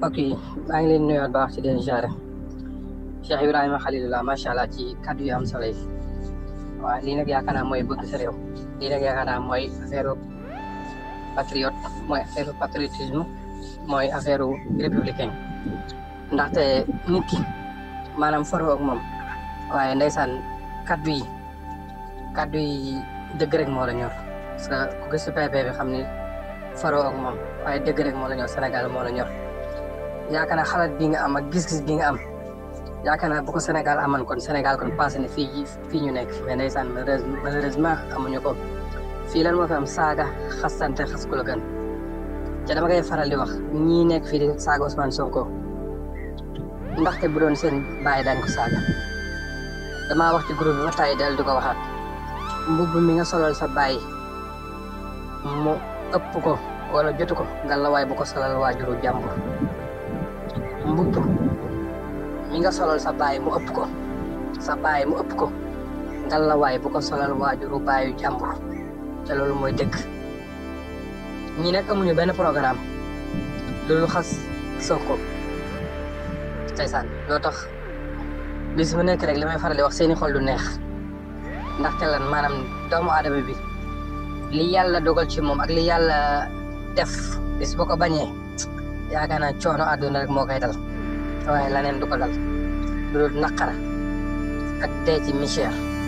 ok maa ngi leen nuyuwaat baax ci den genre Cheikh Ibrahima Khalilullah macha allah ci kaddu yu am solo yi waaw lii nag yaakaar naa mooy bëgg sa réew lii nag yaakaar naa mooy affaire patriote mooy affaire patriotisme mooy affaire républicain ndaxte nit ki maanaam faroo ak moom waaye ndeysaan kaddu yi kaddu yi dëgg rek moo la ñor parce que ku gëstu PP bi xam ni ak moom waaye dëgg rek moo la ñor Sénégal moo la ñor ya kana xalat bi nga am ak gis-gis bi nga am ya kana bu ko kon senegal kon passé ni fi fi ñu nek mais ndaysan malheureusement amuñu ko fi lan mo fi am saaga xasante xas ku la gën dama koy faral di wax ñi nek fi di saga Ousmane Sonko te bu doon seen baye daan ko saaga wax ci groupe ba tay dal du ko mi nga solal sa baye mo ëpp ko wala jottu ko nga la bu ko solal wajuru jambur mbubb mi solol solal sa baay mu ëpp ko sa baay mu ëpp ko ngalla waay bu ko solal waajuru baayu jàmbur te loolu mooy dëgg ñi nag amuñu benn programme loolu xas sonko ndeysaan loo tax bis bu nekk rek li may wax seeni xol du neex ndaxte lan maanaam doomu aadama bi li dogal ci ak li def bis bu ko yaakaar naa coono àdduna rek moo koy dal waaye laneen du ko dal lu dul naqara ak tey